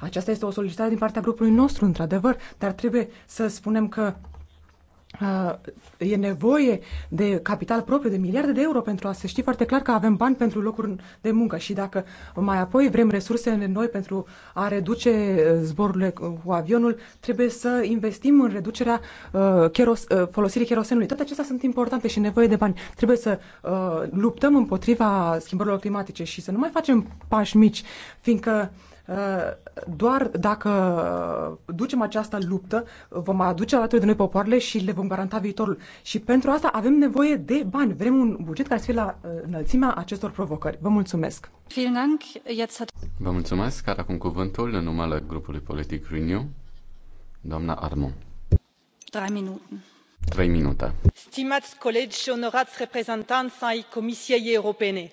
Aceasta este o solicitare din partea grupului nostru, într-adevăr, dar trebuie să spunem că Uh, e nevoie de capital propriu de miliarde de euro pentru a se ști foarte clar că avem bani pentru locuri de muncă și dacă mai apoi vrem resursele noi pentru a reduce uh, zborurile cu avionul, trebuie să investim în reducerea uh, cheros, uh, folosirii cherosenului. Toate acestea sunt importante și nevoie de bani. Trebuie să uh, luptăm împotriva schimbărilor climatice și să nu mai facem pași mici, fiindcă uh, Uh, doar dacă uh, ducem această luptă, uh, vom aduce alături de noi popoarele și le vom garanta viitorul. Și pentru asta avem nevoie de bani. Vrem un buget care să fie la înălțimea acestor provocări. Vă mulțumesc! Vă mulțumesc, care acum cuvântul în numele grupului politic Renew, doamna Armon. Trei minute. Trei minute. Stimați colegi și onorați reprezentanți ai Comisiei Europene,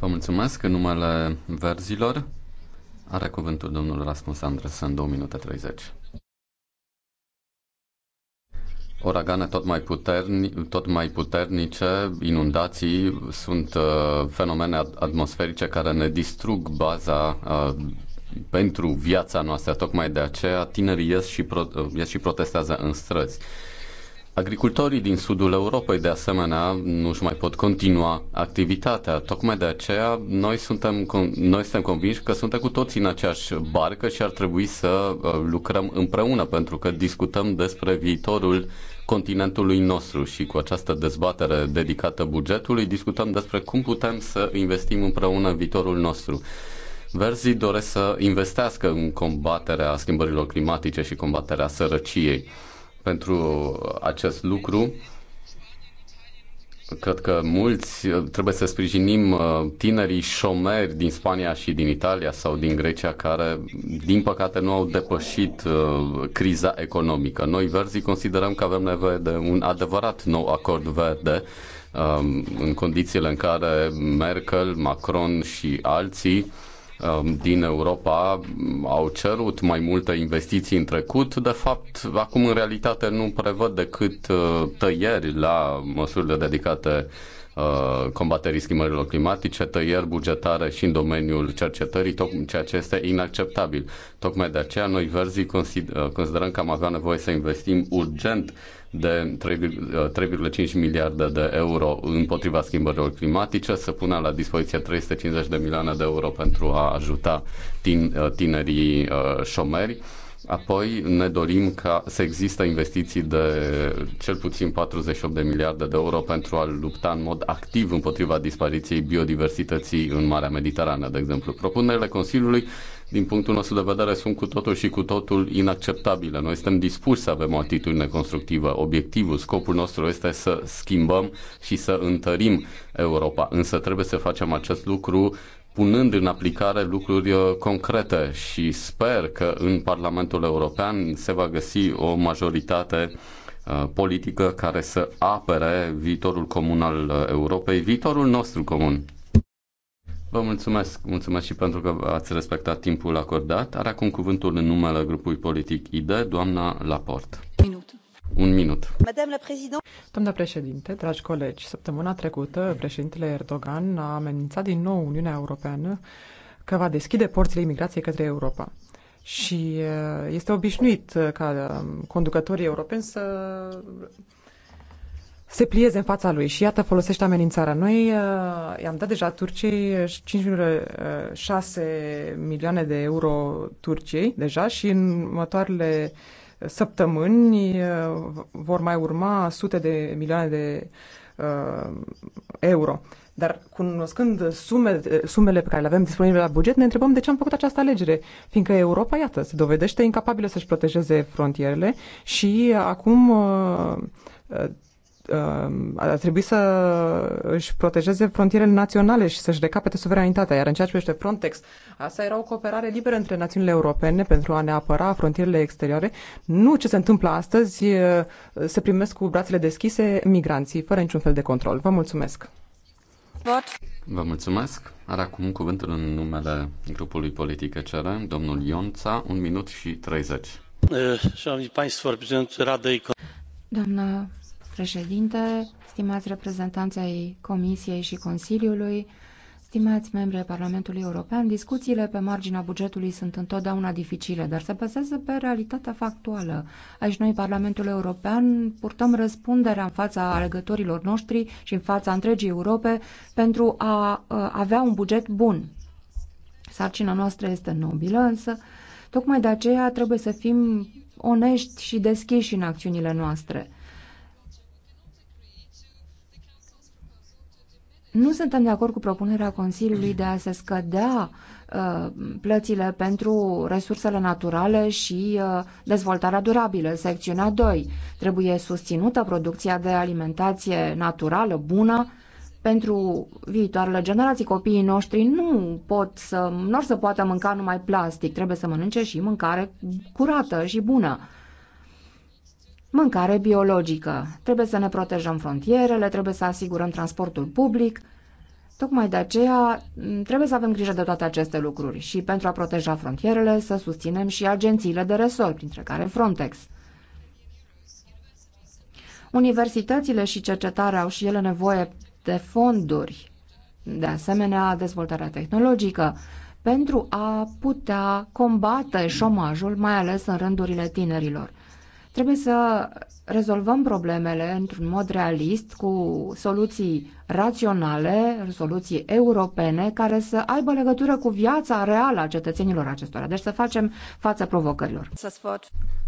mulțumesc. În numele verzilor are cuvântul domnul Rasmus Andresen, 2 minute treizeci. Uragane tot mai, puterni, tot mai puternice, inundații sunt uh, fenomene atmosferice care ne distrug baza uh, pentru viața noastră. Tocmai de aceea tinerii ies și, pro- uh, ies și protestează în străzi. Agricultorii din sudul Europei, de asemenea, nu își mai pot continua activitatea. Tocmai de aceea, noi suntem, noi suntem convinși că suntem cu toții în aceeași barcă și ar trebui să uh, lucrăm împreună, pentru că discutăm despre viitorul continentului nostru și cu această dezbatere dedicată bugetului discutăm despre cum putem să investim împreună în viitorul nostru. Verzii doresc să investească în combaterea schimbărilor climatice și combaterea sărăciei pentru acest lucru. Cred că mulți trebuie să sprijinim uh, tinerii șomeri din Spania și din Italia sau din Grecia care, din păcate, nu au depășit uh, criza economică. Noi, verzii, considerăm că avem nevoie de un adevărat nou acord verde um, în condițiile în care Merkel, Macron și alții Um, din Europa mm, au cerut mai multe investiții în trecut. De fapt, acum în realitate nu prevăd decât uh, tăieri la măsurile dedicate Uh, combaterii schimbărilor climatice, tăieri bugetare și în domeniul cercetării, ceea ce este inacceptabil. Tocmai de aceea noi verzii uh, considerăm că am avea nevoie să investim urgent de 3,5 uh, miliarde de euro împotriva schimbărilor climatice, să pună la dispoziție 350 de milioane de euro pentru a ajuta tinerii șomeri Apoi ne dorim ca să există investiții de cel puțin 48 de miliarde de euro pentru a lupta în mod activ împotriva dispariției biodiversității în Marea Mediterană, de exemplu. Propunerile Consiliului, din punctul nostru de vedere, sunt cu totul și cu totul inacceptabile. Noi suntem dispuși să avem o atitudine constructivă. Obiectivul, scopul nostru este să schimbăm și să întărim Europa, însă trebuie să facem acest lucru punând în aplicare lucruri uh, concrete și sper că în Parlamentul European se va găsi o majoritate uh, politică care să apere viitorul comun al uh, Europei, viitorul nostru comun. Vă mulțumesc, mulțumesc și pentru că ați respectat timpul acordat. Are acum cuvântul în numele grupului politic ID, doamna Laport. Minut. Un minut. Doamna președinte, dragi colegi, săptămâna trecută președintele Erdogan a amenințat din nou Uniunea Europeană că va deschide porțile imigrației către Europa. Și eh, este obișnuit eh, ca eh, conducătorii europeni să se plieze în fața lui și iată folosește amenințarea. Noi uh, i-am dat deja Turciei 5,6 milioane de euro Turciei deja și în următoarele uh, săptămâni vor mai urma sute de milioane de uh, euro. Dar cunoscând sume, sumele pe care le avem disponibile la buget, ne întrebăm de ce am făcut această alegere. Fiindcă Europa, iată, se dovedește incapabilă să-și protejeze frontierele și acum uh, Uh, a trebuit să își protejeze frontierele naționale și să-și recapete suveranitatea. Iar în ceea ce privește Frontex, asta era o cooperare liberă între națiunile europene pentru a ne apăra frontierele exterioare. Nu ce se întâmplă astăzi, uh, se primesc cu brațele deschise migranții, fără niciun fel de control. Vă mulțumesc! Vă mulțumesc! Are acum cuvântul în numele grupului politic cere domnul Ionța, un minut și 30. Doamna președinte, stimați reprezentanți ai Comisiei și Consiliului, stimați membri ai Parlamentului European, discuțiile pe marginea bugetului sunt întotdeauna dificile, dar se bazează pe realitatea factuală. Aici noi, Parlamentul European, purtăm răspunderea în fața alegătorilor noștri și în fața întregii Europe pentru a avea un buget bun. Sarcina noastră este nobilă, însă tocmai de aceea trebuie să fim onești și deschiși în acțiunile noastre. Nu suntem de acord cu propunerea Consiliului de a se scădea uh, plățile pentru resursele naturale și uh, dezvoltarea durabilă. Secțiunea 2. Trebuie susținută producția de alimentație naturală bună pentru viitoarele generații. Copiii noștri nu pot să, nu să poată mânca numai plastic. Trebuie să mănânce și mâncare curată și bună mâncare biologică. Trebuie să ne protejăm frontierele, trebuie să asigurăm transportul public. Tocmai de aceea trebuie să avem grijă de toate aceste lucruri și pentru a proteja frontierele să susținem și agențiile de resort, printre care Frontex. Universitățile și cercetarea au și ele nevoie de fonduri, de asemenea dezvoltarea tehnologică, pentru a putea combate șomajul, mai ales în rândurile tinerilor. Trebuie să rezolvăm problemele într-un mod realist, cu soluții raționale, soluții europene, care să aibă legătură cu viața reală a cetățenilor acestora. Deci să facem față provocărilor.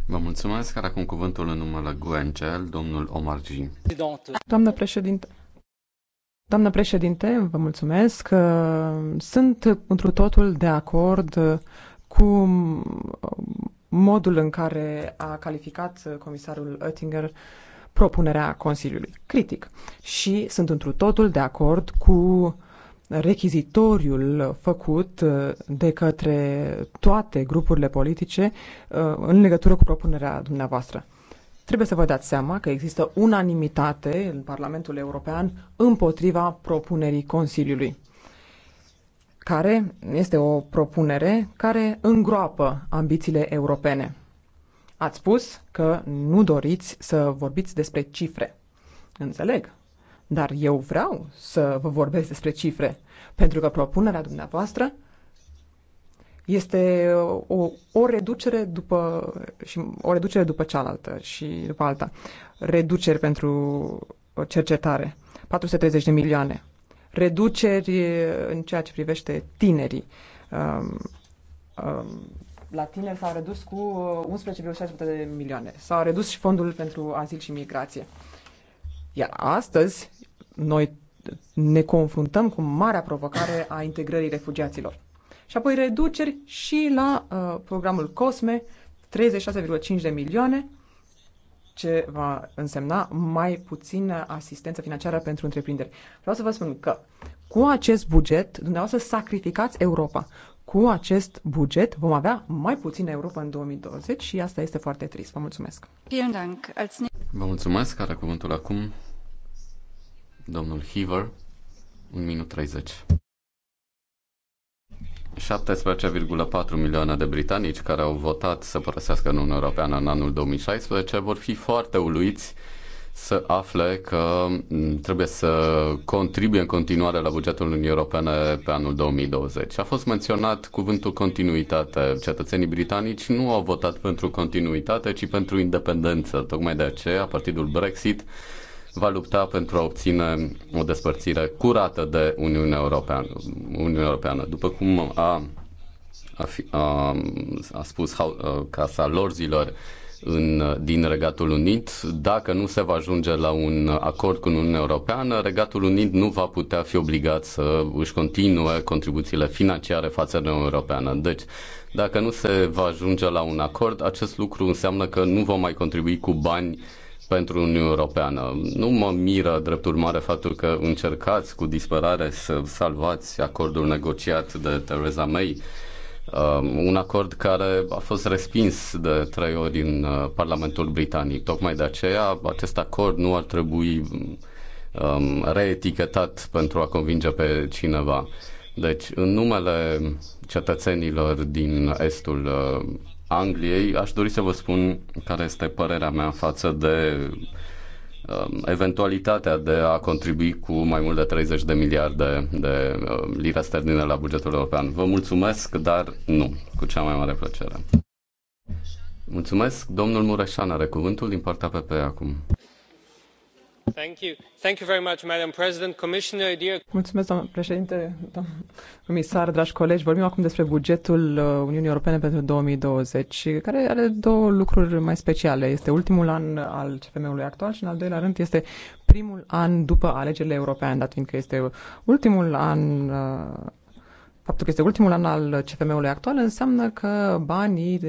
Vă mulțumesc, care acum cuvântul în numele Guencel, domnul Omar G. Doamnă președinte, Doamnă președinte, vă mulțumesc. Sunt întru totul de acord cu modul în care a calificat comisarul Oettinger propunerea Consiliului. Critic. Și sunt întru totul de acord cu rechizitoriul făcut uh, de către toate grupurile politice uh, în legătură cu propunerea dumneavoastră. Trebuie să vă dați seama că există unanimitate în Parlamentul European împotriva propunerii Consiliului care este o propunere care îngroapă ambițiile europene. Ați spus că nu doriți să vorbiți despre cifre. Înțeleg. Dar eu vreau să vă vorbesc despre cifre, pentru că propunerea dumneavoastră este o, o reducere după și o reducere după cealaltă și după alta. Reduceri pentru cercetare, 430 de milioane, reduceri eh, în ceea ce privește tinerii. Um, um, la tineri s-a redus cu 11,6 uh, de milioane. S-a redus și fondul pentru azil și migrație. Iar astăzi noi ne confruntăm cu marea provocare a integrării refugiaților. Și apoi reduceri și la uh, programul COSME, 36,5 de milioane, ce va însemna mai puțină asistență financiară pentru întreprinderi. Vreau să vă spun că cu acest buget, dumneavoastră sacrificați Europa. Cu acest buget vom avea mai puțină Europa în 2020 și asta este foarte trist. Vă mulțumesc. Vă mulțumesc. Are cuvântul acum domnul Hiver, 1 minut 30. 17,4 milioane de britanici care au votat să părăsească Uniunea Europeană în anul 2016 vor fi foarte uluiți să afle că mm, trebuie să contribuie în continuare la bugetul Uniunii Europene pe anul 2020. A fost menționat cuvântul continuitate. Cetățenii britanici nu au votat pentru continuitate, ci pentru independență. Tocmai de aceea, partidul Brexit va lupta pentru a obține o despărțire curată de Uniunea Europeană. Uniunea Europeană. După cum a, a, fi, a, a spus a, Casa Lorzilor, în, din Regatul Unit. Dacă nu se va ajunge la un acord cu Uniunea Europeană, Regatul Unit nu va putea fi obligat să își continue contribuțiile financiare față de Uniunea Europeană. Deci, dacă nu se va ajunge la un acord, acest lucru înseamnă că nu vom mai contribui cu bani uh, pentru Uniunea Europeană. Nu mă miră, drept urmare, faptul că încercați cu disperare să salvați acordul negociat de Theresa May, um, un acord care a fost respins de trei ori în uh, Parlamentul Britanic. Tocmai de aceea, acest acord nu ar trebui um, reetichetat pentru a convinge pe cineva. Deci, în numele cetățenilor din estul uh, Angliei, aș dori să vă spun care este părerea mea față de um, eventualitatea de a contribui cu mai mult de 30 de miliarde de um, lire sterline la bugetul european. Vă mulțumesc, dar nu, cu cea mai mare plăcere. Mulțumesc. Domnul Mureșan are cuvântul din partea PP acum doamnă președintă doamnă comisar dragi colegi vorbim acum despre bugetul uh, uniunii europene pentru două mii douăzeci care are două lucruri mai speciale este ultimul an al cfm ului actual și în al doilea rând este primul an după alegerile europene dat fiindcă este ultimul an uh, faptul că este ultimul an al CFM-ului actual înseamnă că banii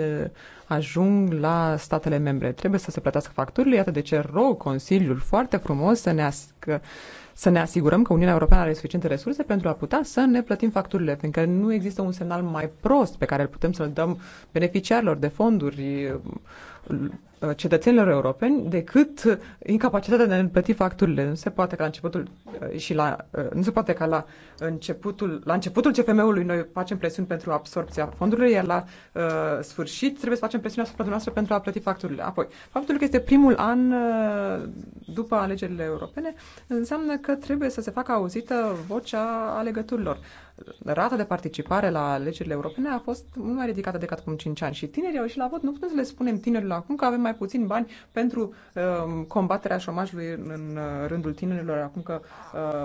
ajung la statele membre. Trebuie să se plătească facturile, iată de ce rog Consiliul foarte frumos să ne, as- că, să ne asigurăm că Uniunea Europeană are suficiente resurse pentru a putea să ne plătim facturile, fiindcă nu există un semnal mai prost pe care îl putem să-l dăm beneficiarilor de fonduri cetățenilor europeni decât incapacitatea de a ne plăti facturile. Nu se poate ca la începutul uh, și la, uh, nu se poate ca la începutul, la începutul CFM-ului noi facem presiuni pentru absorpția fondurilor, iar la uh, sfârșit trebuie să facem presiune asupra dumneavoastră pentru a plăti facturile. Apoi, faptul că este primul an uh, după alegerile europene înseamnă că trebuie să se facă auzită vocea alegătorilor. Uh, rata de participare la alegerile europene a fost mult mai ridicată decât acum 5 ani și tinerii au ieșit la vot. Nu putem să le spunem tinerilor acum că avem mai puțin bani pentru uh, combaterea șomajului în uh, rândul tinerilor, acum că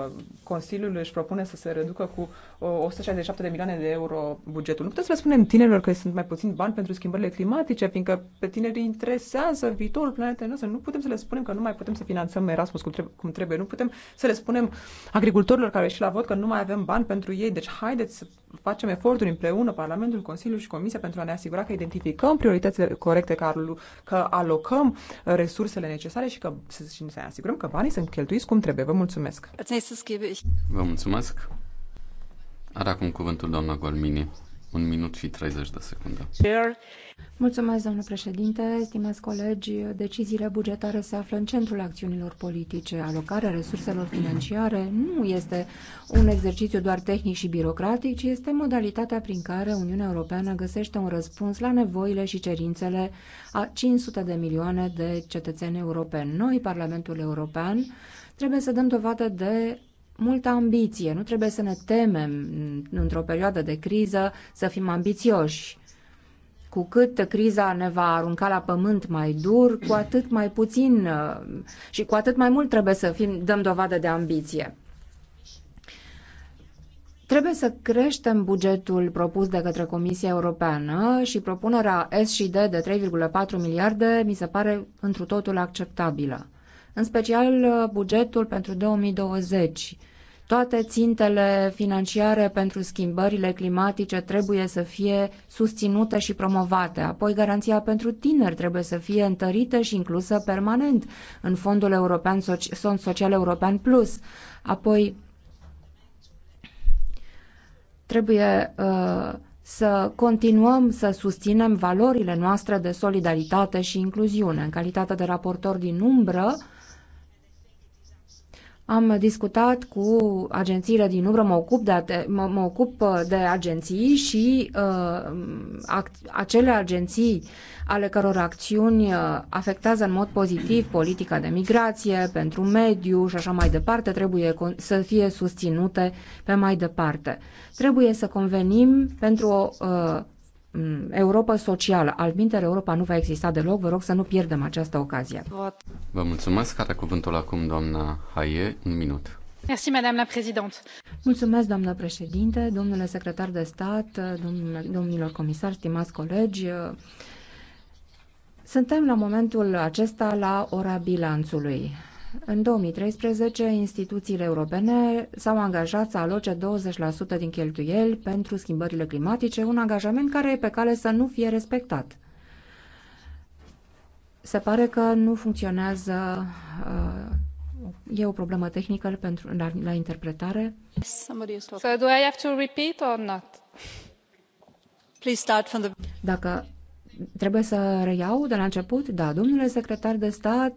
uh, Consiliul își propune să se reducă cu uh, 167 de milioane de euro bugetul. Nu putem să le spunem tinerilor că sunt mai puțin bani pentru schimbările climatice, fiindcă pe tinerii interesează viitorul planetei noastre. Nu putem să le spunem că nu mai putem să finanțăm Erasmus cum trebuie. Nu putem să le spunem agricultorilor care au ieșit la vot că nu mai avem bani pentru ei. Deci deci, haideți să facem eforturi împreună, Parlamentul, Consiliul și Comisia, pentru a ne asigura că identificăm prioritățile corecte, că, că alocăm resursele necesare și că să, și să ne asigurăm că banii sunt cheltuiți cum trebuie. Vă mulțumesc! Vă mulțumesc! Are acum cuvântul doamna Golmini. Un minut și 30 de secunde. Mulțumesc, domnule președinte, stimați colegi. Deciziile bugetare se află în centrul acțiunilor politice. Alocarea resurselor financiare nu este un exercițiu doar tehnic și birocratic, ci este modalitatea prin care Uniunea Europeană găsește un răspuns la nevoile și cerințele a 500 de milioane de cetățeni europeni. Noi, Parlamentul European, trebuie să dăm dovadă de multă ambiție. Nu trebuie să ne temem într-o perioadă de criză să fim ambițioși. Cu cât criza ne va arunca la pământ mai dur, cu atât mai puțin uh, și cu atât mai mult trebuie să fim, dăm dovadă de ambiție. Trebuie să creștem bugetul propus de către Comisia Europeană și propunerea S și D de 3,4 miliarde mi se pare întru totul acceptabilă în special uh, bugetul pentru 2020. Toate țintele financiare pentru schimbările climatice trebuie să fie susținute și promovate. Apoi, garanția pentru tineri trebuie să fie întărită și inclusă permanent în Fondul European Fond Social European Plus. Apoi, trebuie uh, să continuăm să susținem valorile noastre de solidaritate și incluziune. În calitate de raportor din umbră, uh, am discutat cu agențiile din umbră, mă ocup de, mă, mă ocup uh, de agenții și uh, ac, acele agenții ale căror acțiuni uh, afectează în mod pozitiv politica de migrație, pentru mediu și așa mai departe, trebuie să fie susținute pe mai departe. Trebuie să convenim pentru o uh, Mm, Europa socială. Alminter, Europa nu va exista deloc. Vă rog să nu pierdem această ocazie. Vă mulțumesc. Are cuvântul acum doamna Haie. Un minut. Merci, Madame la Présidente. Mulțumesc, doamnă președinte, domnule secretar de stat, domnule, domnilor comisari, stimați colegi. Suntem la momentul acesta la ora bilanțului. În 2013, instituțiile europene s-au angajat să aloce 20% din cheltuieli pentru schimbările climatice, un angajament care e pe cale să nu fie respectat. Se pare că nu funcționează, uh, e o problemă tehnică pentru, la, la interpretare. Dacă Trebuie să reiau de la început? Da, domnule secretar de stat,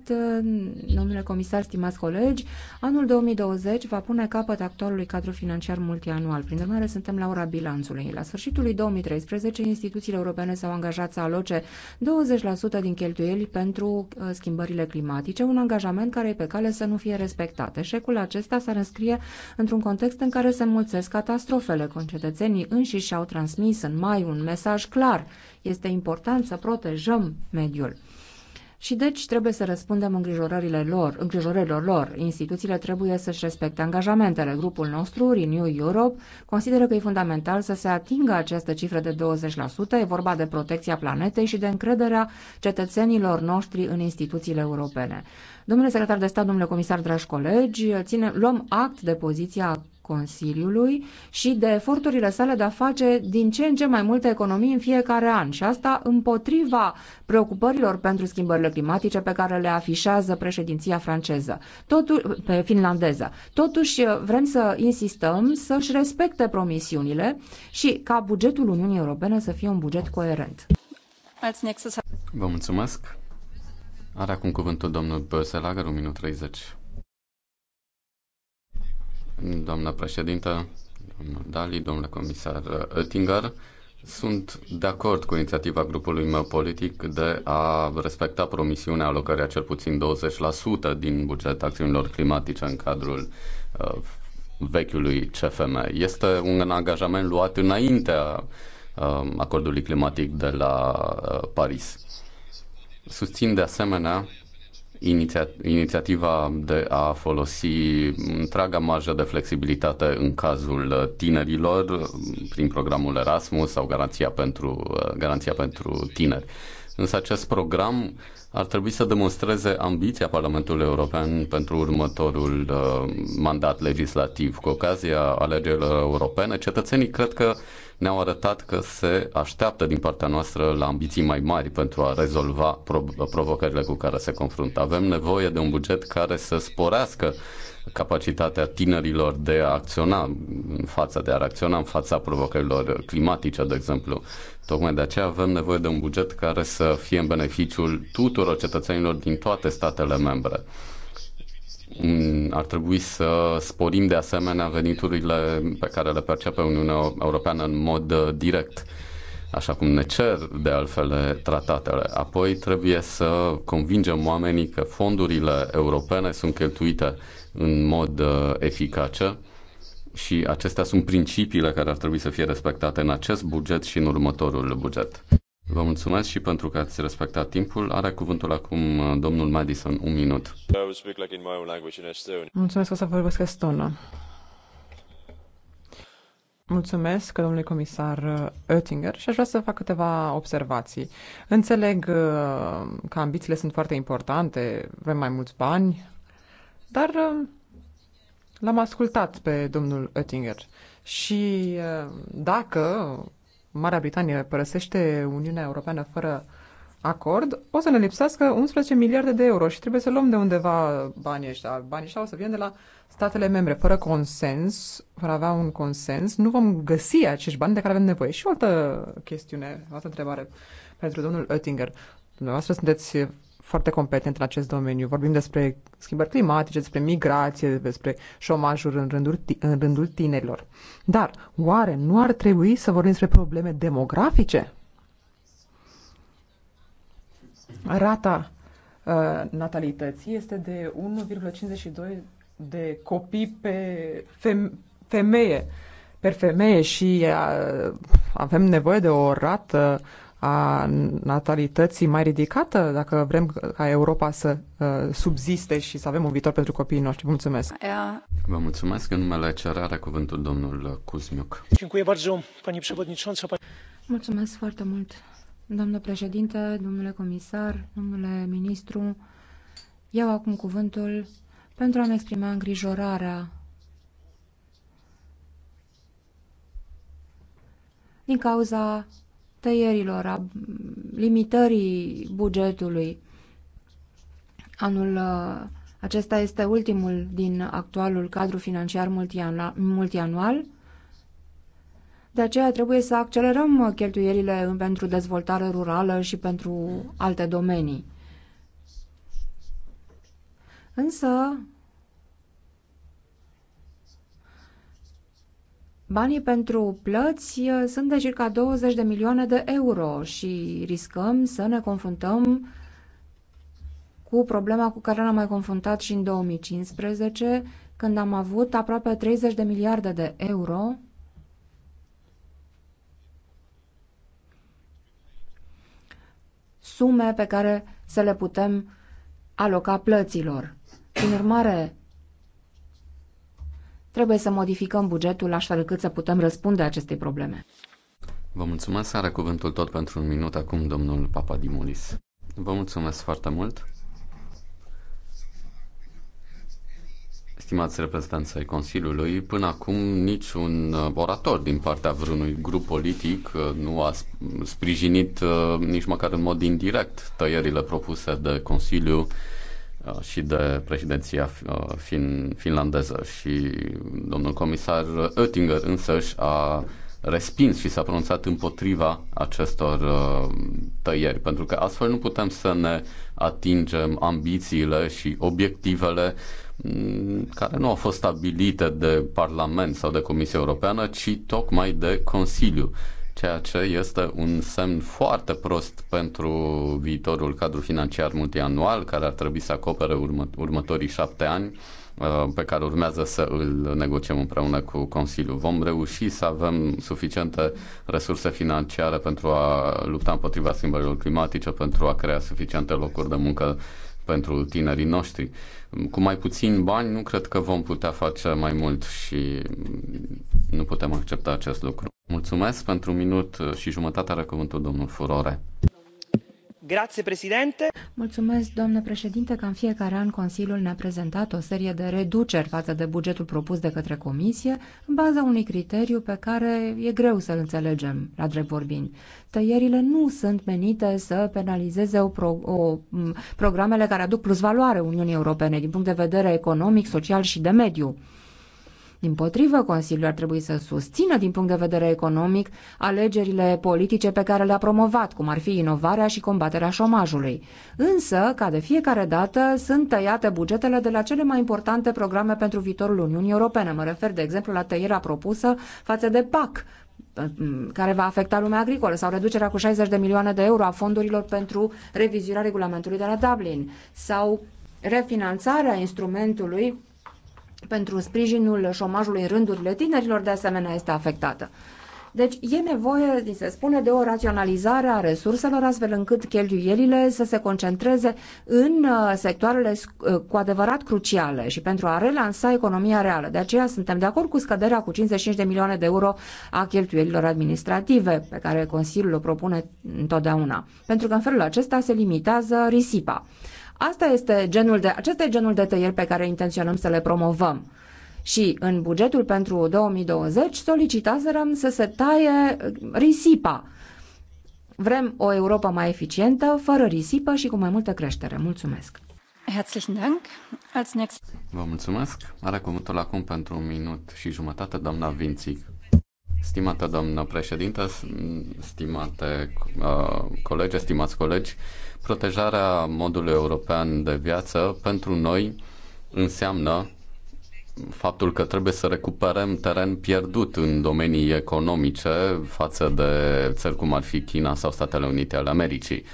domnule comisar, stimați colegi, anul 2020 va pune capăt actualului cadru financiar multianual. Prin urmare, suntem la ora bilanțului. La sfârșitul lui 2013, instituțiile europene s-au angajat să aloce 20% din cheltuieli pentru uh, schimbările climatice, un angajament care e pe cale să nu fie respectat. Eșecul acesta s-ar înscrie într-un context în care se mulțesc catastrofele. Concetățenii înșiși și-au transmis în mai un mesaj clar este important să protejăm mediul. Și deci trebuie să răspundem îngrijorările lor, îngrijorărilor lor. Instituțiile trebuie să-și respecte angajamentele. Grupul nostru, Renew Europe, consideră că e fundamental să se atingă această cifră de 20%. E vorba de protecția planetei și de încrederea cetățenilor noștri în instituțiile europene. Domnule secretar de stat, domnule comisar, dragi colegi, ține, luăm act de poziția Consiliului și de eforturile sale de a face din ce în ce mai multe economii în fiecare an și asta împotriva preocupărilor pentru schimbările climatice pe care le afișează președinția franceză, totu- pe finlandeză. Totuși vrem să insistăm să-și respecte promisiunile și ca bugetul Uniunii Europene să fie un buget coerent. Vă mulțumesc. Are acum cuvântul domnul Böselager, un minut 30 doamnă președintă, domnul Dali, domnule comisar uh, Oettinger. Sunt de acord cu inițiativa grupului meu politic de a respecta promisiunea alocării a cel puțin 20% din bugetul acțiunilor climatice în cadrul uh, vechiului CFM. Este un angajament luat înaintea uh, acordului climatic de la uh, Paris. Susțin de asemenea iniția- inițiativa de a folosi întreaga marjă de flexibilitate în cazul tinerilor prin programul Erasmus sau garanția pentru, garanția pentru tineri. Însă acest program ar trebui să demonstreze ambiția Parlamentului European pentru următorul uh, mandat legislativ. Cu ocazia alegerilor europene, cetățenii cred că uh, ne-au arătat că se așteaptă din partea noastră la ambiții mai mari pentru a rezolva provocările cu care se confruntă. Avem nevoie de un buget care să sporească capacitatea tinerilor de a acționa în fața, de a reacționa în fața provocărilor climatice, de exemplu. Tocmai de aceea avem nevoie de un buget care să fie în beneficiul tuturor cetățenilor din toate statele membre. Mm, ar trebui să sporim de asemenea veniturile pe care le percepe Uniunea Europeană în mod uh, direct, așa cum ne cer de altfel tratatele. Apoi trebuie să convingem oamenii că fondurile europene sunt cheltuite în mod uh, eficace și acestea sunt principiile care ar trebui să fie respectate în acest buget și în următorul buget. Vă mulțumesc și pentru că ați respectat timpul. Are cuvântul acum uh, domnul Madison, un minut. Mulțumesc că o să vorbesc estonă. Mulțumesc domnului comisar uh, Oettinger și aș vrea să fac câteva observații. Înțeleg uh, că ambițiile sunt foarte importante, vrem mai mulți bani, dar l-am ascultat pe domnul Oettinger și dacă Marea Britanie părăsește Uniunea Europeană fără acord, o să ne lipsească 11 miliarde de euro și trebuie să luăm de undeva banii ăștia. Banii ăștia o să vină de la statele membre. Fără consens, fără a avea un consens, nu vom găsi acești bani de care avem nevoie. Și o altă chestiune, o altă întrebare pentru domnul Oettinger. Dumneavoastră sunteți foarte competent în acest domeniu. Vorbim despre schimbări climatice, despre migrație, despre șomajul în rândul, în rândul tinerilor. Dar oare nu ar trebui să vorbim despre probleme demografice? Rata uh, natalității este de 1,52 de copii pe fem femeie, per femeie și uh, avem nevoie de o rată uh, a natalității mai ridicată, dacă vrem ca Europa să uh, subziste și să avem un viitor pentru copiii noștri. Mulțumesc! Vă mulțumesc. În numele cerare cuvântul domnul Cuzmiuc. Mulțumesc foarte mult, domnule președinte, domnule comisar, domnule ministru. Iau acum cuvântul pentru a-mi exprima îngrijorarea din cauza tăierilor, a limitării bugetului. Anul uh, acesta este ultimul din actualul cadru financiar multianual, de aceea trebuie să accelerăm cheltuielile pentru dezvoltare rurală și pentru alte domenii. Însă, Banii pentru plăți eh, sunt de circa 20 de milioane de euro și riscăm să ne confruntăm cu problema cu care ne-am mai confruntat și în 2015, când am avut aproape 30 de miliarde de euro sume pe care să le putem aloca plăților. Prin urmare, Trebuie să modificăm bugetul astfel încât să putem răspunde acestei probleme. Vă mulțumesc, are cuvântul tot pentru un minut acum domnul Papadimulis. Vă mulțumesc foarte mult. Stimați reprezentanți ai Consiliului, până acum niciun uh, orator din partea vreunui grup politic uh, nu a sprijinit uh, nici măcar în mod indirect tăierile propuse de Consiliu Uh, și de președinția uh, fin, finlandeză și domnul comisar Oettinger însăși a respins și s-a pronunțat împotriva acestor uh, tăieri, pentru că astfel nu putem să ne atingem ambițiile și obiectivele mm, care nu au fost stabilite de Parlament sau de Comisia Europeană, ci tocmai de Consiliu ceea ce este un semn foarte prost pentru viitorul cadru financiar multianual, care ar trebui să acopere urmă, următorii șapte ani uh, pe care urmează să îl negociem împreună cu Consiliul. Vom reuși să avem suficiente resurse financiare pentru a lupta împotriva schimbărilor climatice, pentru a crea suficiente locuri de muncă pentru tinerii noștri. Cu mai puțin bani nu cred că vom putea face mai mult și nu putem accepta acest lucru. Mulțumesc pentru un minut și jumătate are cuvântul domnul Furore. Mulțumesc, doamnă președinte, că în fiecare an Consiliul ne-a prezentat o serie de reduceri față de bugetul propus de către Comisie, în baza unui criteriu pe care e greu să-l înțelegem, la drept vorbind. Tăierile nu sunt menite să penalizeze o pro- o, programele care aduc plus valoare Uniunii Europene din punct de vedere economic, social și de mediu. Din potrivă, Consiliul ar trebui să susțină din punct de vedere economic alegerile politice pe care le-a promovat, cum ar fi inovarea și combaterea șomajului. Însă, ca de fiecare dată, sunt tăiate bugetele de la cele mai importante programe pentru viitorul Uniunii Europene. Mă refer, de exemplu, la tăierea propusă față de PAC, care va afecta lumea agricolă sau reducerea cu 60 de milioane de euro a fondurilor pentru revizuirea regulamentului de la Dublin sau refinanțarea instrumentului pentru sprijinul șomajului în rândurile tinerilor, de asemenea, este afectată. Deci e nevoie, ni se spune, de o raționalizare a resurselor, astfel încât cheltuielile să se concentreze în uh, sectoarele uh, cu adevărat cruciale și pentru a relansa economia reală. De aceea suntem de acord cu scăderea cu 55 de milioane de euro a cheltuielilor administrative, pe care Consiliul o propune întotdeauna, pentru că în felul acesta se limitează risipa. Asta este genul de, acesta este genul de tăieri pe care intenționăm să le promovăm. Și în bugetul pentru 2020 solicitaserăm să se taie uh, risipa. Vrem o Europa mai eficientă, fără risipă și cu mai multă creștere. Mulțumesc! Vă mulțumesc. Are cuvântul acum pentru un minut și jumătate, doamna Vințic. Stimată doamnă președintă, stimate uh, colegi, stimați colegi, protejarea modului european de viață pentru noi înseamnă faptul că trebuie să recuperăm teren pierdut în domenii economice față de țări cum ar fi China sau Statele Unite ale Americii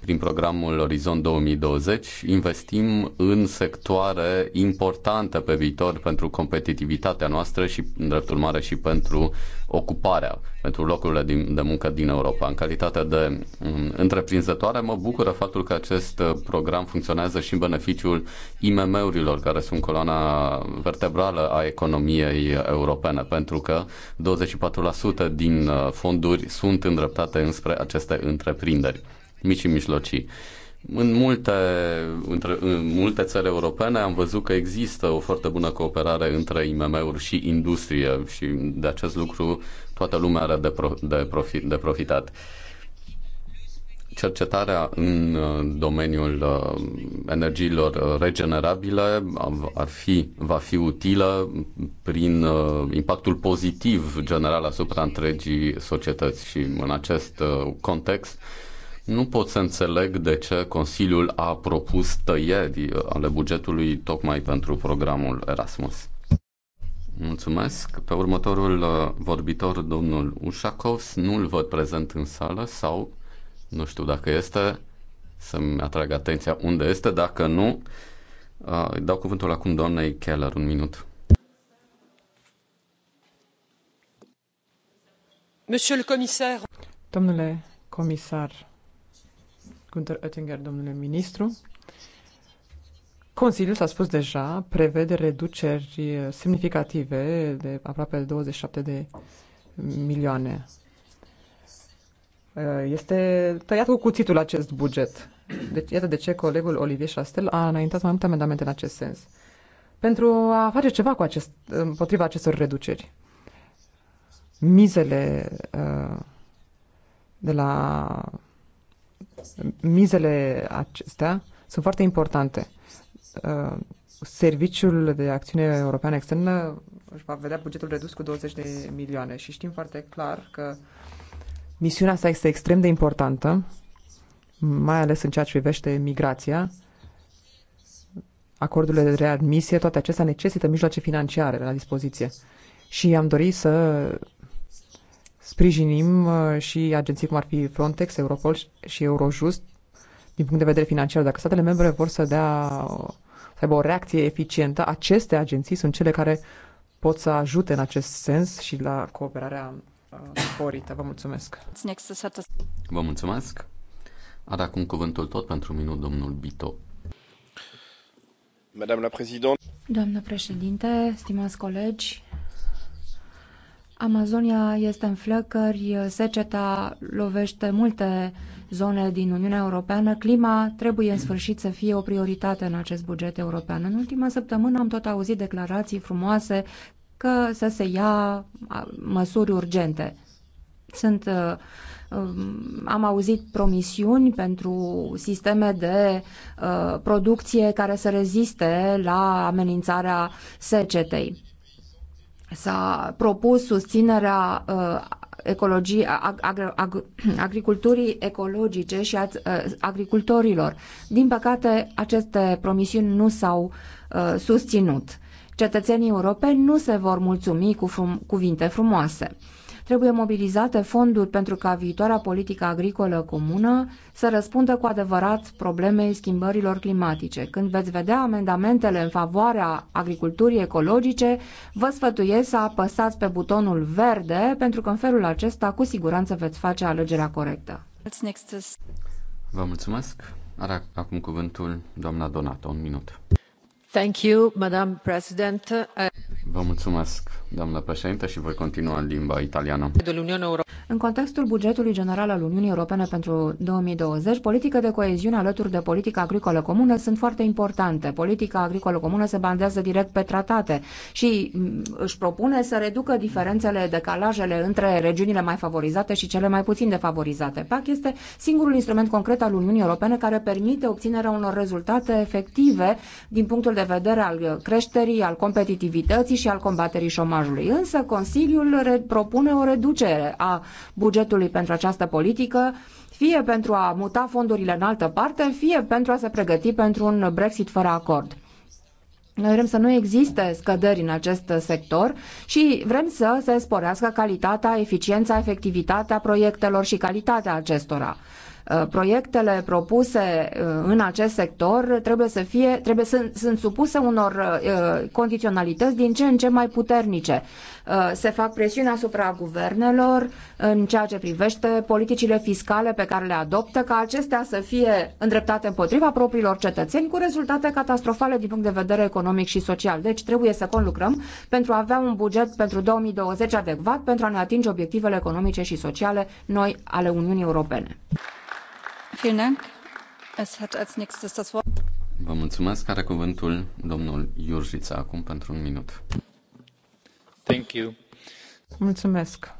prin programul Orizon 2020, investim în sectoare importante pe viitor pentru competitivitatea noastră și, în drept urmare, și pentru ocuparea, pentru locurile din, de muncă din Europa. În calitate de um, întreprinzătoare, mă bucură faptul că acest program funcționează și în beneficiul IMM-urilor, care sunt coloana vertebrală a economiei europene, pentru că 24% din uh, fonduri sunt îndreptate înspre aceste întreprinderi mici și mijlocii. În multe, între, în multe țări europene am văzut că există o foarte bună cooperare între IMM-uri și industrie și de acest lucru toată lumea are de, pro, de, profi, de profitat. Cercetarea în uh, domeniul uh, energiilor regenerabile ar fi, va fi utilă prin uh, impactul pozitiv general asupra întregii societăți și în acest context nu pot să înțeleg de ce Consiliul a propus tăieri ale bugetului tocmai pentru programul Erasmus. Mulțumesc. Pe următorul uh, vorbitor, domnul Ușakov, nu-l văd prezent în sală sau nu știu dacă este, să-mi atrag atenția unde este, dacă nu, uh, îi dau cuvântul acum doamnei Keller, un minut. Domnule comisar, Gunther Oettinger, domnule ministru. Consiliul s-a spus deja, prevede reduceri semnificative de aproape 27 de milioane. Uh, este tăiat cu cuțitul acest buget. Deci, iată de ce colegul Olivier Chastel a înaintat mai multe amendamente în acest sens. Pentru a face ceva cu acest, împotriva acestor reduceri. Mizele uh, de la mizele acestea sunt foarte importante. Uh, serviciul de acțiune europeană externă își va vedea bugetul redus cu 20 de milioane și știm foarte clar că misiunea asta este extrem de importantă, mai ales în ceea ce privește migrația, acordurile de readmisie, toate acestea necesită mijloace financiare la dispoziție. Și am dorit să Sprijinim uh, și agenții cum ar fi Frontex, Europol și Eurojust din punct de vedere financiar. Dacă statele membre vor să dea uh, să aibă o reacție eficientă, aceste agenții sunt cele care pot să ajute în acest sens și la cooperarea uh, sporită. Vă mulțumesc. Vă mulțumesc. Are acum cuvântul tot pentru minut domnul Bito. Doamnă președinte, stimați colegi, Amazonia este în flăcări, seceta lovește multe zone din Uniunea Europeană, clima trebuie în sfârșit să fie o prioritate în acest buget european. În ultima săptămână am tot auzit declarații frumoase că să se ia măsuri urgente. Sunt, uh, um, am auzit promisiuni pentru sisteme de uh, producție care să reziste la amenințarea secetei s-a propus susținerea ecologii, ag, ag, ag, agriculturii ecologice și a, uh, agricultorilor. Din păcate, aceste promisiuni nu s-au uh, susținut. Cetățenii europeni nu se vor mulțumi cu frum, cuvinte frumoase. Trebuie mobilizate fonduri pentru ca viitoarea politică agricolă comună să răspundă cu adevărat problemei schimbărilor climatice. Când veți vedea amendamentele în favoarea agriculturii ecologice, vă sfătuiesc să apăsați pe butonul verde, pentru că în felul acesta cu siguranță veți face alegerea corectă. Vă mulțumesc. Are acum cuvântul doamna Donato, un minut. Thank you, Madam President. Vă mulțumesc, doamnă președinte, și voi continua în limba italiană. În contextul bugetului general al Uniunii Europene pentru 2020, politica de coeziune alături de politica agricolă comună sunt foarte importante. Politica agricolă comună se bandează direct pe tratate și mm, își propune să reducă diferențele, decalajele între regiunile mai favorizate și cele mai puțin defavorizate. PAC este singurul instrument concret al Uniunii Europene care permite obținerea unor rezultate efective din punctul de vedere al creșterii, al competitivității și al combaterii șomajului șomajului, însă Consiliul propune o reducere a bugetului pentru această politică, fie pentru a muta fondurile în altă parte, fie pentru a se pregăti pentru un Brexit fără acord. Noi vrem să nu existe scăderi în acest sector și vrem să se sporească calitatea, eficiența, efectivitatea proiectelor și calitatea acestora. Uh, proiectele propuse uh, în acest sector trebuie să fie, trebuie să, sunt supuse unor uh, condiționalități din ce în ce mai puternice. Uh, se fac presiuni asupra guvernelor în ceea ce privește politicile fiscale pe care le adoptă, ca acestea să fie îndreptate împotriva propriilor cetățeni cu rezultate catastrofale din punct de vedere economic și social. Deci trebuie să conlucrăm pentru a avea un buget pentru 2020 adecvat pentru a ne atinge obiectivele economice și sociale noi ale Uniunii Europene. Vă mulțumesc. Are cuvântul domnul Iurjița acum pentru un minut. Thank you. Mulțumesc.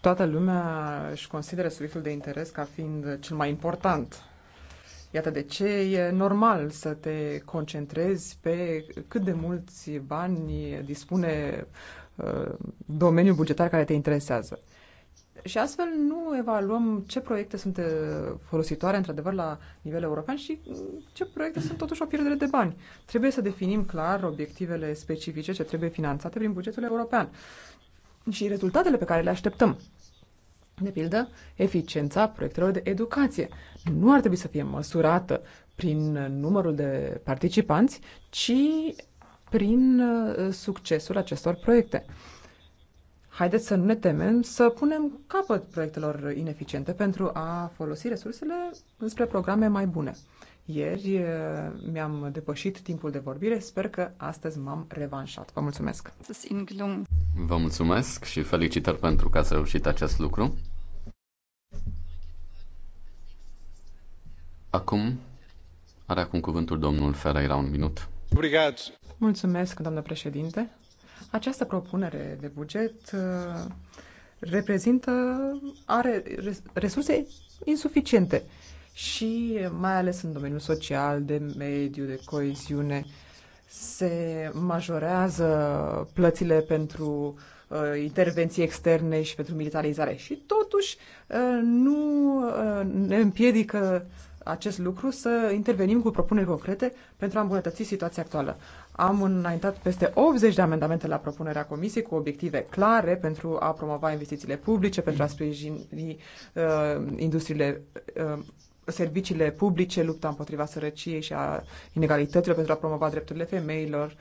Toată lumea își consideră subiectul de interes ca fiind cel mai important. Iată de ce e normal să te concentrezi pe cât de mulți bani dispune uh, domeniul bugetar care te interesează. Și astfel nu evaluăm ce proiecte sunt uh, folositoare într-adevăr la nivel european și uh, ce proiecte sunt totuși o pierdere de bani. Trebuie să definim clar obiectivele specifice ce trebuie finanțate prin bugetul european și rezultatele pe care le așteptăm. De pildă, eficiența proiectelor de educație nu ar trebui să fie măsurată prin numărul de participanți, ci prin uh, succesul acestor proiecte haideți să nu ne temem să punem capăt proiectelor ineficiente pentru a folosi resursele înspre programe mai bune. Ieri eh, mi-am depășit timpul de vorbire, sper că astăzi m-am revanșat. Vă mulțumesc! Vă mulțumesc și felicitări pentru că ați reușit acest lucru. Acum are acum cuvântul domnul Ferreira un minut. Mulțumesc, doamnă președinte. Această propunere de buget uh, reprezintă, are resurse insuficiente și mai ales în domeniul social, de mediu, de coeziune, se majorează plățile pentru uh, intervenții externe și pentru militarizare și totuși uh, nu uh, ne împiedică uh, acest lucru, să intervenim cu propuneri concrete pentru a îmbunătăți situația actuală. Am înaintat peste 80 de amendamente la propunerea Comisiei cu obiective clare pentru a promova investițiile publice, pentru a sprijini uh, industriile. Uh, serviciile publice, lupta împotriva sărăciei și a inegalităților pentru a promova drepturile femeilor,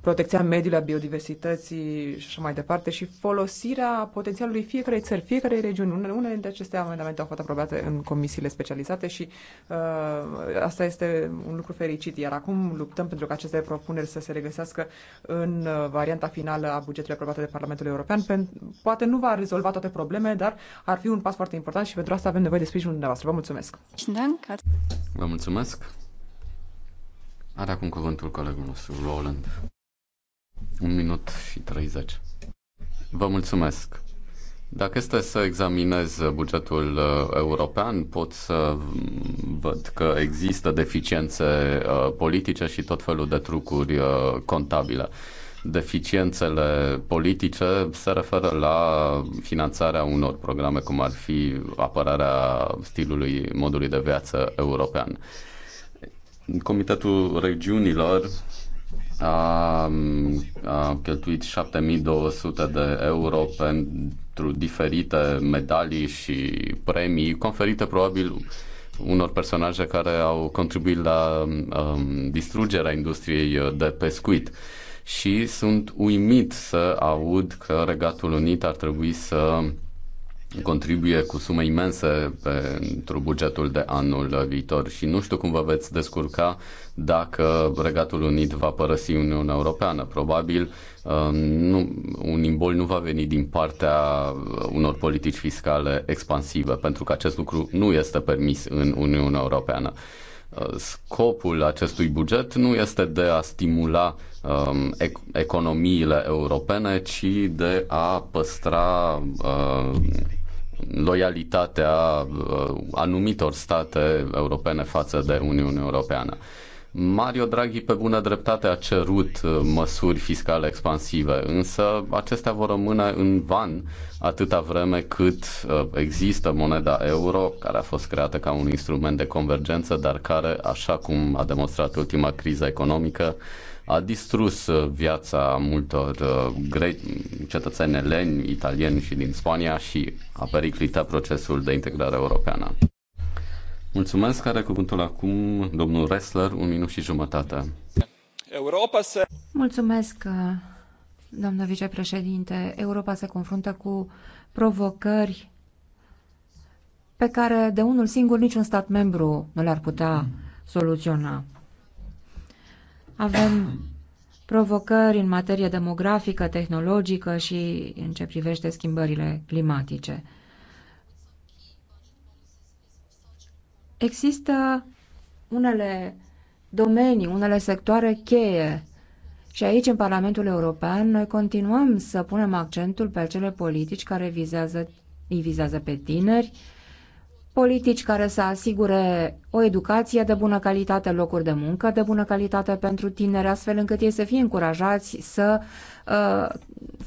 protecția mediului, a biodiversității și așa mai departe și folosirea potențialului fiecarei țări, fiecarei regiuni. Unele dintre aceste amendamente au fost aprobate în comisiile specializate și uh, asta este un lucru fericit. Iar acum luptăm pentru că aceste propuneri să se regăsească în uh, varianta finală a bugetului aprobat de Parlamentul European. Poate nu va rezolva toate problemele, dar ar fi un pas foarte important și pentru asta avem nevoie de sprijinul dumneavoastră. Vă mulțumesc! Vă mulțumesc! Are acum cuvântul colegul nostru, Roland. Un minut și 30. Vă mulțumesc. Dacă este să examinez bugetul uh, european, pot să văd că există deficiențe uh, politice și tot felul de trucuri uh, contabile. Deficiențele politice se referă la finanțarea unor programe cum ar fi apărarea stilului modului de viață european. Comitetul Regiunilor a, a cheltuit 7200 de euro pentru diferite medalii și premii conferite probabil unor personaje care au contribuit la um, distrugerea industriei de pescuit. Și sunt uimit să aud că Regatul Unit ar trebui să contribuie cu sume imense pentru bugetul de anul viitor și nu știu cum vă veți descurca dacă Regatul Unit va părăsi Uniunea Europeană. Probabil uh, nu, un imbol nu va veni din partea unor politici fiscale expansive, pentru că acest lucru nu este permis în Uniunea Europeană. Uh, scopul acestui buget nu este de a stimula um, economiile europene, ci de a păstra uh, loialitatea uh, anumitor state europene față de Uniunea Europeană. Mario Draghi pe bună dreptate a cerut uh, măsuri fiscale expansive, însă acestea vor rămâne în van atâta vreme cât uh, există moneda euro, care a fost creată ca un instrument de convergență, dar care, așa cum a demonstrat ultima criză economică, a distrus uh, viața multor cetățeni eleni, italieni și din Spania și a periclitat procesul de integrare europeană. Mulțumesc, care cuvântul acum domnul Ressler, un minut și jumătate. Europa se... Mulțumesc, uh, doamnă vicepreședinte. Europa se confruntă cu provocări pe care de unul singur niciun stat membru nu le-ar putea soluționa. Avem provocări în materie demografică, tehnologică și în ce privește schimbările climatice. Există unele domenii, unele sectoare cheie și aici, în Parlamentul European, noi continuăm să punem accentul pe acele politici care vizează, îi vizează pe tineri, politici care să asigure o educație de bună calitate, locuri de muncă de bună calitate pentru tineri, astfel încât ei să fie încurajați să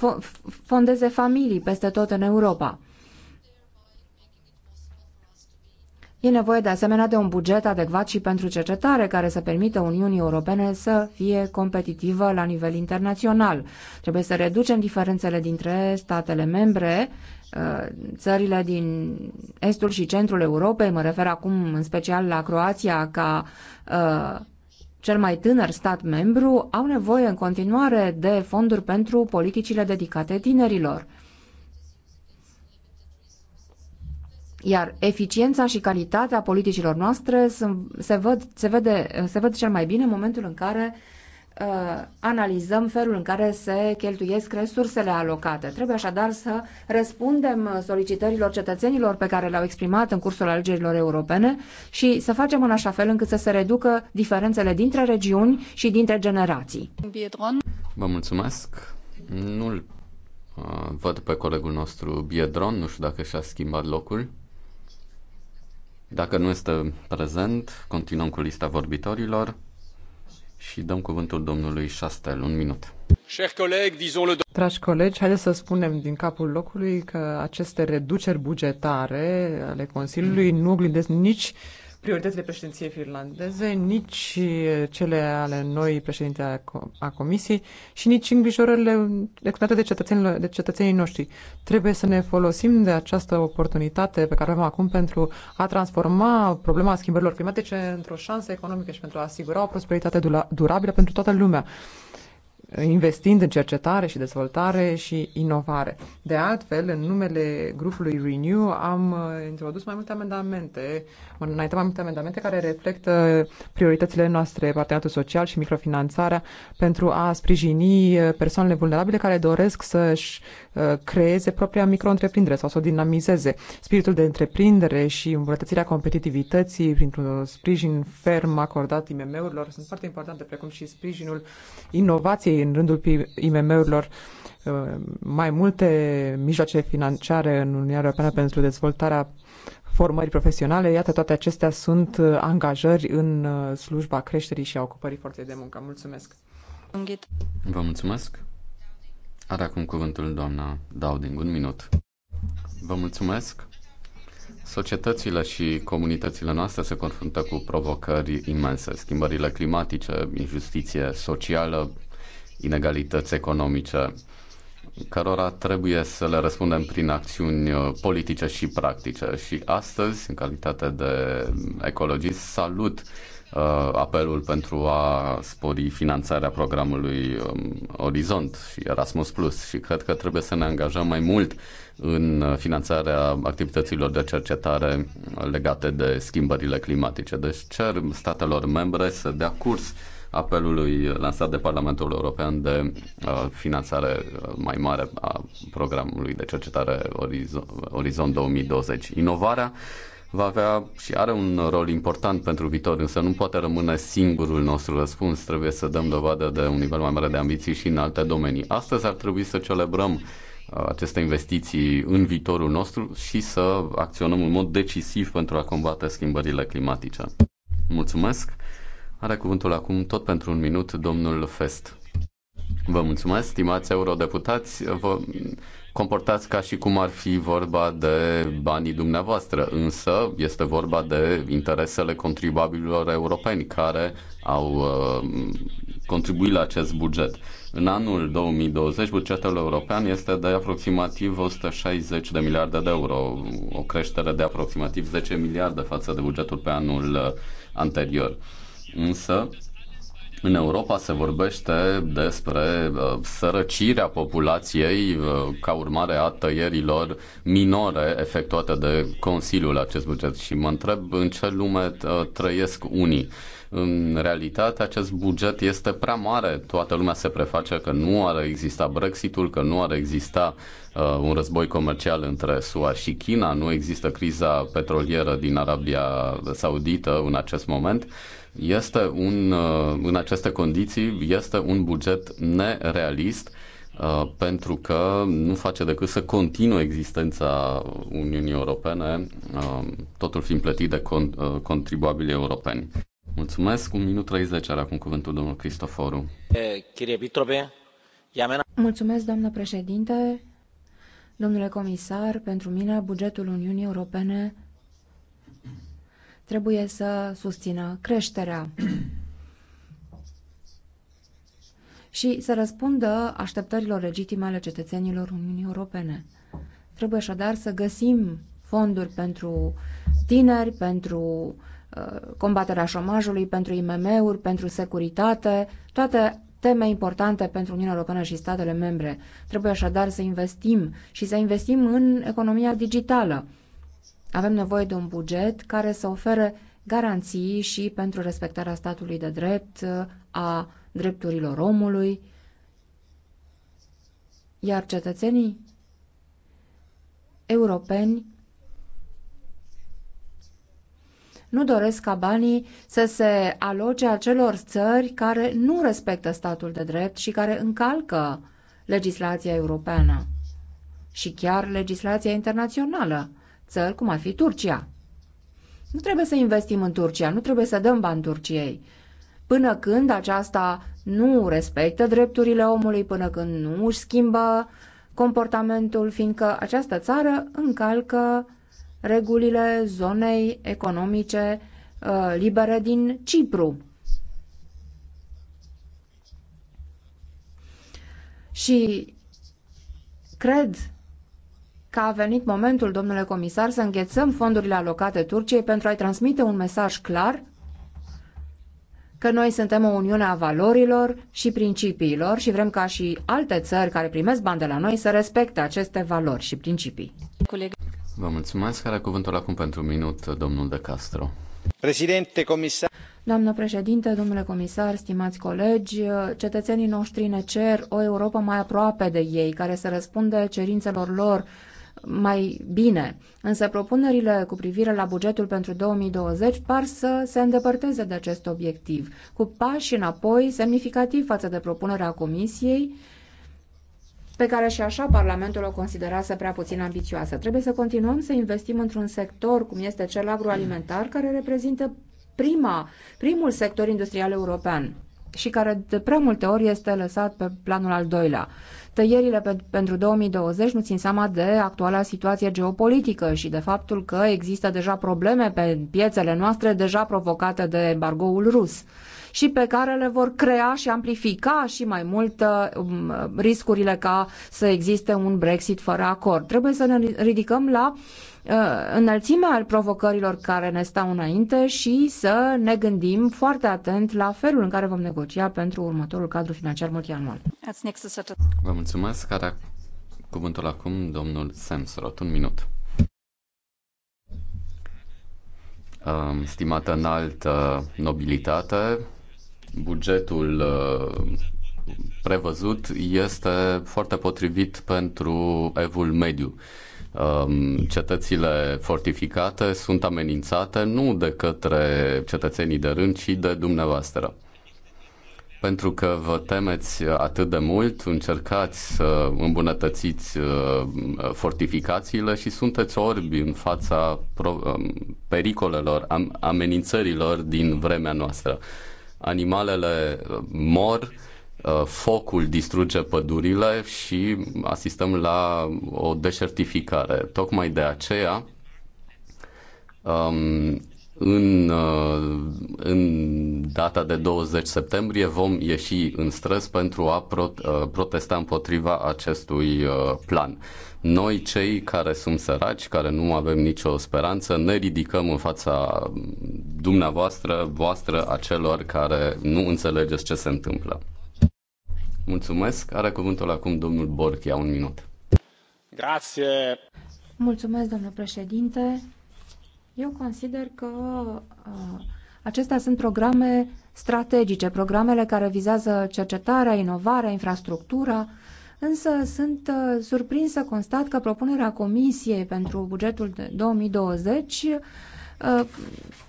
uh, fondeze familii peste tot în Europa. E nevoie de asemenea de un buget adecvat și pentru cercetare care să permită Uniunii Europene să fie competitivă la nivel internațional. Trebuie să reducem diferențele dintre statele membre, uh, țările din estul și centrul Europei, mă refer acum în special la Croația ca uh, cel mai tânăr stat membru, au nevoie în continuare de fonduri pentru politicile dedicate tinerilor. Iar eficiența și calitatea politicilor noastre sunt, se, văd, se, vede, se văd cel mai bine în momentul în care uh, analizăm felul în care se cheltuiesc resursele alocate. Trebuie așadar să răspundem solicitărilor cetățenilor pe care le-au exprimat în cursul alegerilor europene și să facem în așa fel încât să se reducă diferențele dintre regiuni și dintre generații. Vă mulțumesc. Nu-l uh, văd pe colegul nostru Biedron, nu știu dacă și-a schimbat locul. Dacă nu este prezent, continuăm cu lista vorbitorilor și dăm cuvântul domnului Șastel. Un minut. Dragi colegi, haideți să spunem din capul locului că aceste reduceri bugetare ale Consiliului nu oglindesc nici uh, prioritățile președinției finlandeze, nici eh, cele ale noi președinte a Comisiei și nici îngrijorările exprimate de, cetățenii, de cetățenii noștri. Trebuie să ne folosim de această oportunitate pe care avem acum pentru a transforma problema schimbărilor climatice într-o șansă economică și pentru a asigura o prosperitate durabilă pentru toată lumea investind în cercetare și dezvoltare și inovare. De altfel, în numele grupului Renew am uh, introdus mai multe amendamente, înainte mai multe amendamente care reflectă prioritățile noastre, parteneriatul social și microfinanțarea, pentru a sprijini uh, persoanele vulnerabile care doresc să-și uh, creeze propria micro-întreprindere sau să o dinamizeze. Spiritul de întreprindere și îmbunătățirea competitivității printr-un sprijin ferm acordat IMM-urilor sunt foarte importante, precum și sprijinul inovației în rândul IMM-urilor, uh, mai multe mijloace financiare în Uniunea Europeană pentru dezvoltarea formării profesionale. Iată, toate acestea sunt uh, angajări în uh, slujba creșterii și a ocupării forței de muncă. Mulțumesc! Vă mulțumesc! Are acum cuvântul doamna Dowding. Un minut. Vă mulțumesc! Societățile și comunitățile noastre se confruntă cu provocări imense, schimbările climatice, injustiție socială, inegalități economice, cărora trebuie să le răspundem prin acțiuni uh, politice și practice. Și astăzi, în calitate de ecologist, salut uh, apelul pentru a spori finanțarea programului um, Orizont și Erasmus Plus și cred că trebuie să ne angajăm mai mult în finanțarea activităților de cercetare legate de schimbările climatice. Deci cer statelor membre să dea curs uh, apelului lansat de Parlamentul European de uh, finanțare uh, mai mare a programului de cercetare Orizont 2020. Inovarea va avea și are un rol important pentru viitor, însă nu poate rămâne singurul nostru răspuns. Trebuie să dăm dovadă de un nivel mai mare de ambiții și în alte domenii. Astăzi ar trebui să celebrăm uh, aceste investiții în viitorul nostru și să acționăm în mod decisiv pentru a combate schimbările climatice. Mulțumesc! Are cuvântul acum tot pentru un minut domnul Fest. Vă mulțumesc, stimați eurodeputați. Vă comportați ca și cum ar fi vorba de banii dumneavoastră, însă este vorba de interesele contribuabililor europeni care au uh, contribuit la acest buget. În anul 2020, bugetul european este de aproximativ 160 de miliarde de euro, o creștere de aproximativ 10 miliarde față de bugetul pe anul uh, anterior. Însă, în Europa se vorbește despre uh, sărăcirea populației uh, ca urmare a tăierilor minore efectuate de Consiliul acest buget și mă întreb în ce lume uh, trăiesc unii. În realitate, acest buget este prea mare. Toată lumea se preface că nu ar exista Brexitul, că nu ar exista uh, un război comercial între SUA și China, nu există criza petrolieră din Arabia Saudită în acest moment. Uh, este un, uh, în aceste condiții este un buget nerealist uh, pentru că nu face decât să continue existența Uniunii Europene, uh, totul fiind plătit de contribuabili europeni. Mulțumesc. Un minut 30 are acum cuvântul domnul Cristoforu. Mulțumesc, doamnă președinte, domnule comisar. Pentru mine, bugetul Uniunii Europene trebuie să susțină creșterea și să răspundă așteptărilor legitime ale cetățenilor Uniunii Europene. Trebuie așadar să găsim fonduri pentru tineri, pentru uh, combaterea șomajului, pentru IMM-uri, pentru securitate, toate teme importante pentru Uniunea Europeană și statele membre. Trebuie așadar să investim și să investim în economia digitală. Avem nevoie de un buget care să ofere garanții și pentru respectarea statului de drept, a drepturilor omului, iar cetățenii europeni nu doresc ca banii să se aloce acelor țări care nu respectă statul de drept și care încalcă legislația europeană și chiar legislația internațională țări cum ar fi Turcia. Nu trebuie să investim în Turcia, nu trebuie să dăm bani Turciei. Până când aceasta nu respectă drepturile omului, până când nu își schimbă comportamentul, fiindcă această țară încalcă regulile zonei economice uh, libere din Cipru. Și cred că a venit momentul, domnule comisar, să înghețăm fondurile alocate Turciei pentru a-i transmite un mesaj clar că noi suntem o uniune a valorilor și principiilor și vrem ca și alte țări care primesc bani de la noi să respecte aceste valori și principii. Vă mulțumesc. Are cuvântul acum pentru un minut domnul De Castro. Președinte, comisar. Doamnă președinte, domnule comisar, stimați colegi, cetățenii noștri ne cer o Europa mai aproape de ei, care să răspunde cerințelor lor mai bine, însă propunerile cu privire la bugetul pentru 2020 par să se îndepărteze de acest obiectiv, cu pași înapoi semnificativ față de propunerea Comisiei, pe care și așa Parlamentul o considerase prea puțin ambițioasă. Trebuie să continuăm să investim într-un sector, cum este cel agroalimentar, care reprezintă prima, primul sector industrial european și care de prea multe ori este lăsat pe planul al doilea. Tăierile pe, pentru 2020 nu țin seama de actuala situație geopolitică și de faptul că există deja probleme pe piețele noastre deja provocate de embargoul rus și pe care le vor crea și amplifica și mai mult um, riscurile ca să existe un Brexit fără acord. Trebuie să ne ridicăm la uh, Uh, înălțimea al provocărilor care ne stau înainte și să ne gândim foarte atent la felul în care vom negocia pentru următorul cadru financiar multianual. Vă mulțumesc. Care cuvântul acum domnul Semsrot. Un minut. Um, stimată înaltă nobilitate, bugetul uh, prevăzut este foarte potrivit pentru evul mediu. Um, cetățile fortificate sunt amenințate nu de către cetățenii de rând, ci de dumneavoastră. Pentru că vă temeți atât de mult, încercați să îmbunătățiți uh, fortificațiile și sunteți orbi în fața um, pericolelor, amenințărilor din vremea noastră. Animalele uh, mor, Uh, focul distruge pădurile și asistăm la o deșertificare. Tocmai de aceea, um, în, uh, în data de 20 septembrie vom ieși în străzi pentru a pro, uh, protesta împotriva acestui plan. Noi, cei care sunt săraci, care nu avem nicio speranță, ne ridicăm în fața dumneavoastră, voastră, a celor care nu înțelegeți ce se întâmplă. Mulțumesc. Are cuvântul acum domnul Borchia, un minut. Grație. Mulțumesc, domnule președinte. Eu consider că uh, acestea sunt programe strategice, programele care vizează cercetarea, inovarea, infrastructura, însă sunt uh, surprins să constat că propunerea Comisiei pentru bugetul de 2020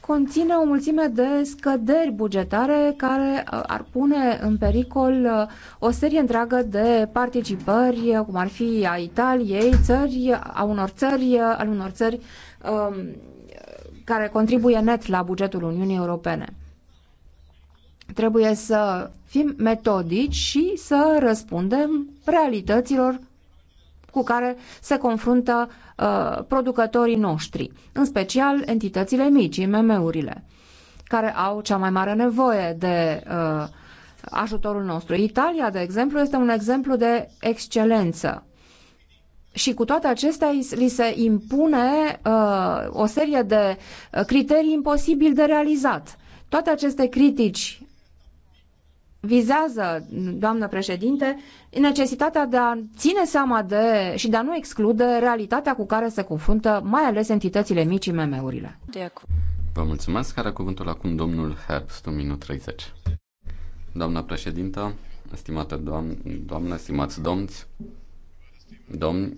conține o mulțime de scăderi bugetare care uh, ar pune în pericol uh, o serie întreagă de participări, uh, cum ar fi a Italiei, țări, a unor țări, al unor țări um, care contribuie net la bugetul Uniunii Europene. Trebuie să fim metodici și să răspundem realităților cu care se confruntă uh, producătorii noștri, în special entitățile mici, IMM-urile, care au cea mai mare nevoie de uh, ajutorul nostru. Italia, de exemplu, este un exemplu de excelență. Și cu toate acestea li se impune uh, o serie de uh, criterii imposibil de realizat. Toate aceste critici vizează, doamnă președinte, necesitatea de a ține seama de și de a nu exclude realitatea cu care se confruntă mai ales entitățile mici MM-urile. Vă mulțumesc. Are cuvântul acum domnul Herbst, un minut 30. Doamna președintă, estimată doamne, doamne, stimați domni, domni,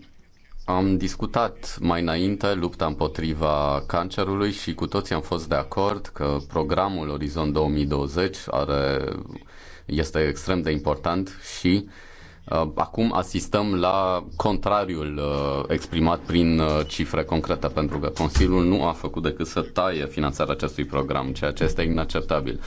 am discutat mai înainte lupta împotriva cancerului și cu toții am fost de acord că programul Orizont 2020 are, este extrem de important și uh, Uh, acum asistăm la contrariul uh, exprimat prin uh, cifre concrete, pentru că Consiliul nu a făcut decât să taie finanțarea acestui program, ceea ce este inacceptabil.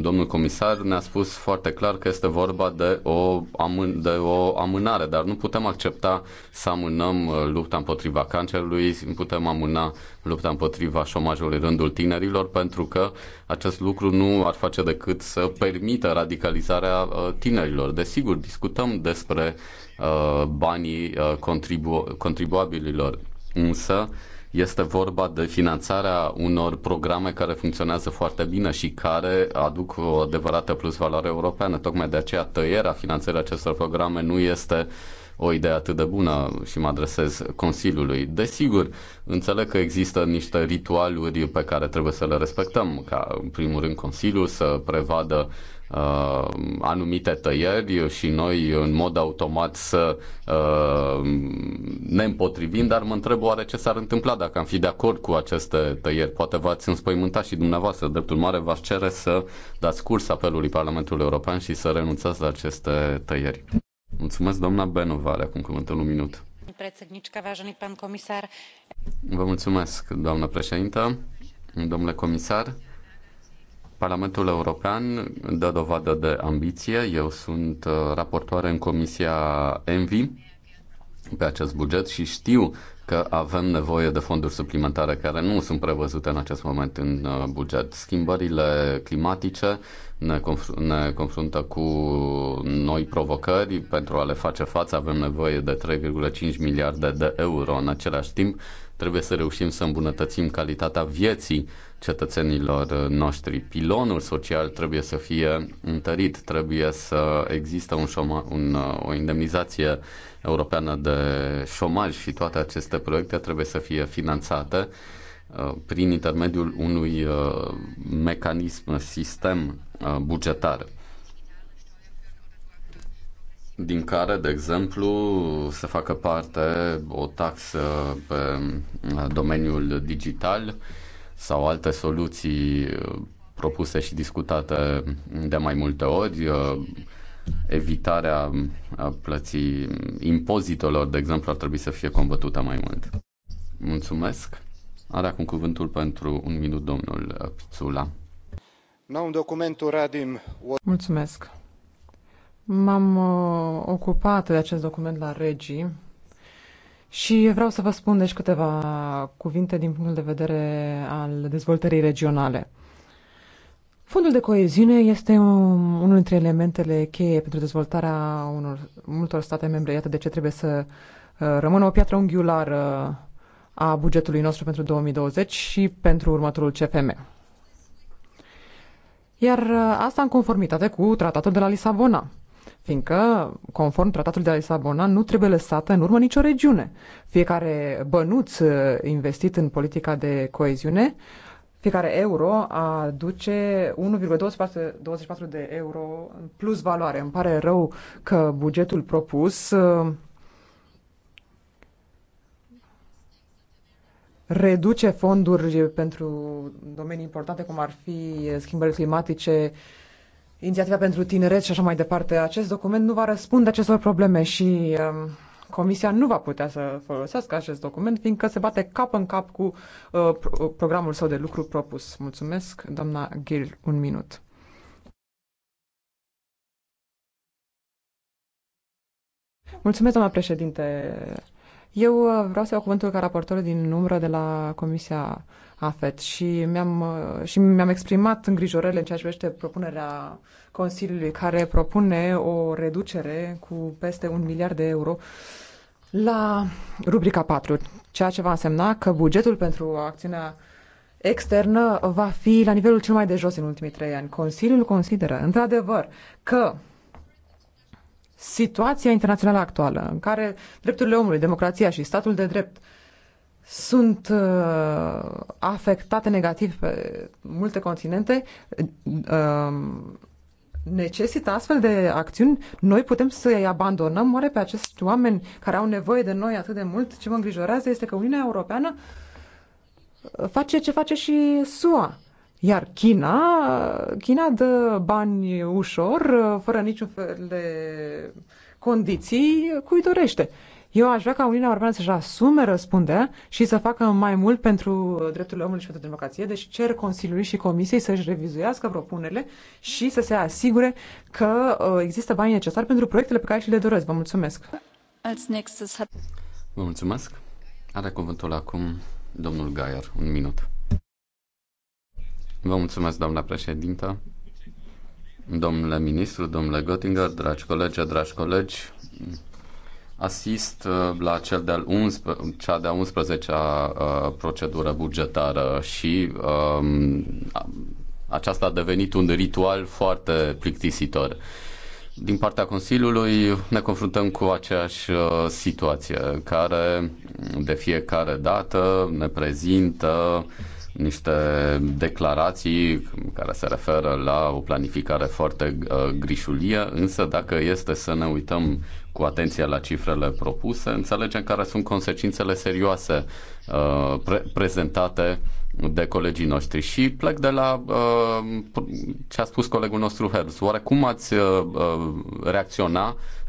Domnul comisar ne-a spus foarte clar că este vorba de o, amân- de o amânare, dar nu putem accepta să amânăm lupta împotriva cancerului, putem amâna lupta împotriva șomajului în rândul tinerilor, pentru că acest lucru nu ar face decât să permită radicalizarea uh, tinerilor. Desigur, discutăm despre uh, banii uh, contribu- contribuabililor, însă este vorba de finanțarea unor programe care funcționează foarte bine și care aduc o adevărată plus valoare europeană. Tocmai de aceea tăierea finanțării acestor programe nu este uh, o idee atât de bună și mă adresez Consiliului. Desigur, înțeleg că există niște ritualuri pe care trebuie să le respectăm, ca în primul rând Consiliul să prevadă uh, anumite tăieri și noi în mod automat să uh, ne împotrivim, dar mă întreb oare ce s-ar întâmpla dacă am fi de acord cu aceste tăieri. Poate v-ați înspăimântat și dumneavoastră. Dreptul mare v-aș cere să dați curs apelului Parlamentului European și să renunțați la aceste tăieri. Mulțumesc, doamna Benova, are acum cuvântul un minut. Vă mulțumesc, doamnă președintă, domnule comisar. Parlamentul European dă dovadă de ambiție. Eu sunt uh, raportoare în Comisia Envi pe acest buget și știu că avem nevoie de fonduri suplimentare care nu sunt prevăzute în acest moment în uh, buget. Schimbările climatice ne, conf- ne confruntă cu noi provocări. Pentru a le face față avem nevoie de 3,5 miliarde de euro. În același timp, trebuie să reușim să îmbunătățim calitatea vieții cetățenilor noștri. Pilonul social trebuie să fie întărit, trebuie să există un șoma, un, o indemnizație europeană de șomaj și toate aceste proiecte trebuie să fie finanțate uh, prin intermediul unui uh, mecanism, sistem uh, bugetar din care, de exemplu, să facă parte o taxă pe domeniul digital, sau alte soluții uh, propuse și discutate de mai multe ori, uh, evitarea uh, plății impozitelor, de exemplu, ar trebui să fie combătută mai mult. Mulțumesc. Are acum cuvântul pentru un minut domnul Pițula. Mulțumesc. M-am ocupat de acest document la regii și vreau să vă spun deci câteva cuvinte din punctul de vedere al dezvoltării regionale. Fondul de coeziune este un, unul dintre elementele cheie pentru dezvoltarea unor multor state membre. Iată de ce trebuie să uh, rămână o piatră unghiulară a bugetului nostru pentru 2020 și pentru următorul CFM. Iar uh, asta în conformitate cu tratatul de la Lisabona fiindcă, conform tratatului de la Lisabona, nu trebuie lăsată în urmă nicio regiune. Fiecare bănuț uh, investit în politica de coeziune, fiecare euro aduce 1,24 de euro plus valoare. Îmi pare rău că bugetul propus uh, reduce fonduri pentru domenii importante, cum ar fi schimbările climatice, inițiativa pentru tineret și așa mai departe. Acest document nu va răspunde acestor probleme și uh, Comisia nu va putea să folosească acest document, fiindcă se bate cap în cap cu uh, uh programul său de lucru propus. Mulțumesc, doamna Gil, un minut. Mulțumesc, doamna președinte. Eu uh, vreau să iau cuvântul ca raportor din umbră de la Comisia AFET și mi-am, uh, și mi-am exprimat îngrijorările în ceea ce privește propunerea Consiliului, care propune o reducere cu peste un miliard de euro la rubrica 4, ceea ce va însemna că bugetul pentru acțiunea externă va fi la nivelul cel mai de jos în ultimii trei ani. Consiliul consideră, într-adevăr, că situația internațională actuală, în care drepturile omului, democrația și statul de drept sunt uh, afectate negativ pe multe continente, uh, necesită astfel de acțiuni, noi putem să-i abandonăm oare pe acești oameni care au nevoie de noi atât de mult? Ce mă îngrijorează este că Uniunea Europeană face ce face și SUA. Iar China, China dă bani ușor, fără niciun fel de condiții, cui dorește. Eu aș vrea ca Uniunea Europeană să-și asume răspunderea și să facă mai mult pentru drepturile omului și pentru democrație. Deci cer Consiliului și Comisiei să-și revizuiască propunerile și să se asigure că uh, există bani necesari pentru proiectele pe care și le doresc. Vă mulțumesc! Vă mulțumesc! Are cuvântul acum domnul Gaier. Un minut. Vă mulțumesc, doamna președintă. Domnule ministru, domnule Göttinger, dragi colegi, dragi colegi, asist uh, la cel de-al 11, cea de-a 11-a uh, procedură bugetară și um, aceasta a devenit un ritual foarte plictisitor. Din partea Consiliului ne confruntăm cu aceeași uh, situație care de fiecare dată ne prezintă uh, niște declarații care se referă la o planificare foarte uh, grișulie, însă dacă este să ne uităm cu atenție la cifrele propuse, înțelegem care sunt consecințele serioase uh, pre- prezentate de colegii noștri și plec de la uh, ce a spus colegul nostru Herz. Oare cum ați uh, uh reacționa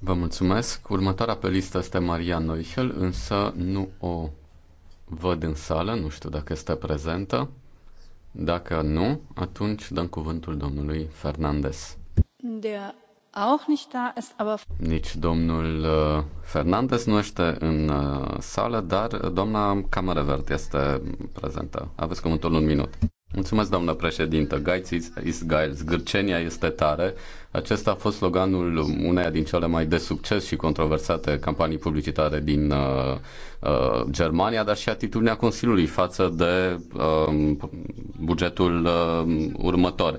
Vă mulțumesc. Următoarea pe listă este Maria Neuchel, însă nu o văd în sală, nu știu dacă este prezentă. Dacă nu, atunci dăm cuvântul domnului Fernandez. Der auch nicht da ist, aber... Nici domnul uh, Fernandez nu este în uh, sală, dar doamna Camerevert este prezentă. Aveți cuvântul un minut. Mulțumesc, doamnă președintă. Gaiz is Gaiz. Gârcenia este tare. Acesta a fost sloganul uneia din cele mai de succes și controversate campanii publicitare din uh, uh, Germania, dar și atitudinea Consiliului față de uh, bugetul uh, următor.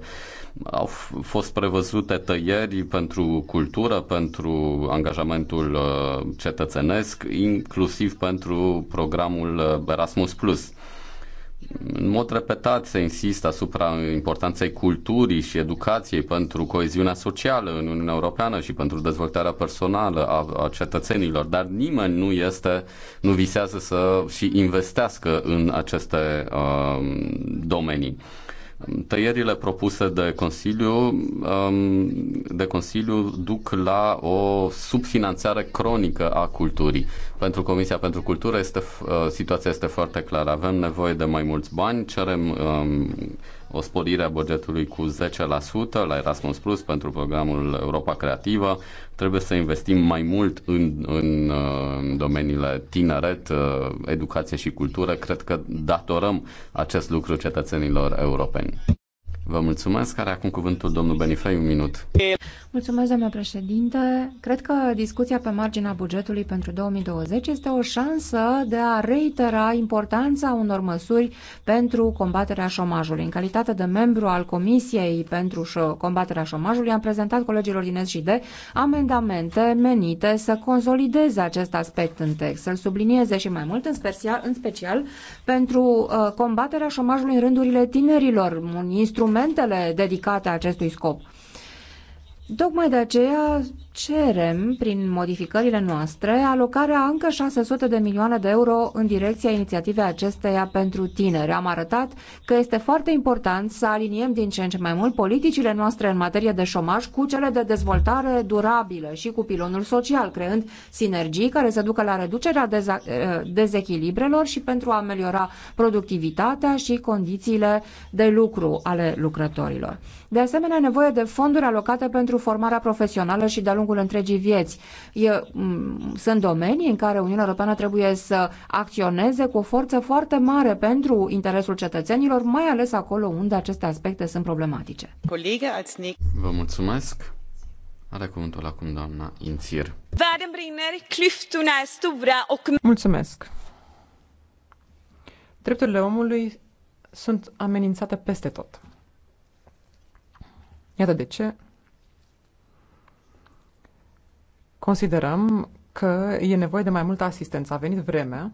Au fost prevăzute tăieri pentru cultură, pentru angajamentul uh, cetățenesc, inclusiv pentru programul uh, Erasmus+ în mod repetat se insistă asupra importanței culturii și educației pentru coeziunea socială în Uniunea Europeană și pentru dezvoltarea personală a, a cetățenilor, dar nimeni nu este, nu visează să și investească în aceste uh, domenii. Tăierile propuse de Consiliu, um, de Consiliu duc la o subfinanțare cronică a culturii. Pentru Comisia pentru Cultură este, uh, situația este foarte clară. Avem nevoie de mai mulți bani, cerem um, o sporire a bugetului cu 10% la Erasmus Plus pentru programul Europa Creativă. Trebuie să investim mai mult în, în uh, domeniile tineret, uh, educație și cultură. Cred că datorăm acest lucru cetățenilor europeni. Vă mulțumesc. Care acum cuvântul domnul Benifei, un minut. Mulțumesc, doamnă președinte. Cred că discuția pe marginea bugetului pentru 2020 este o șansă de a reitera importanța unor măsuri pentru combaterea șomajului. În calitate de membru al Comisiei pentru combaterea șomajului, am prezentat colegilor din SJD amendamente menite să consolideze acest aspect în text, să-l sublinieze și mai mult, în special, în special pentru uh, combaterea șomajului în rândurile tinerilor, un instrument instrumentele dedicate acestui scop. Tocmai de aceea cerem, prin modificările noastre, alocarea încă 600 de milioane de euro în direcția inițiativei acesteia pentru tineri. Am arătat că este foarte important să aliniem din ce în ce mai mult politicile noastre în materie de șomaj cu cele de dezvoltare durabilă și cu pilonul social, creând sinergii care să ducă la reducerea eh, dezechilibrelor și pentru a ameliora productivitatea și condițiile de lucru ale lucrătorilor. De asemenea, nevoie de fonduri alocate pentru formarea profesională și de-a lungul întregii vieți. E, sunt domenii în care Uniunea Europeană trebuie să acționeze cu o forță foarte mare pentru interesul cetățenilor, mai ales acolo unde aceste aspecte sunt problematice. Vă mulțumesc. Are cuvântul acum doamna Ințir. Mulțumesc. Drepturile omului sunt amenințate peste tot. Iată de ce Considerăm că e nevoie de mai multă asistență. A venit vremea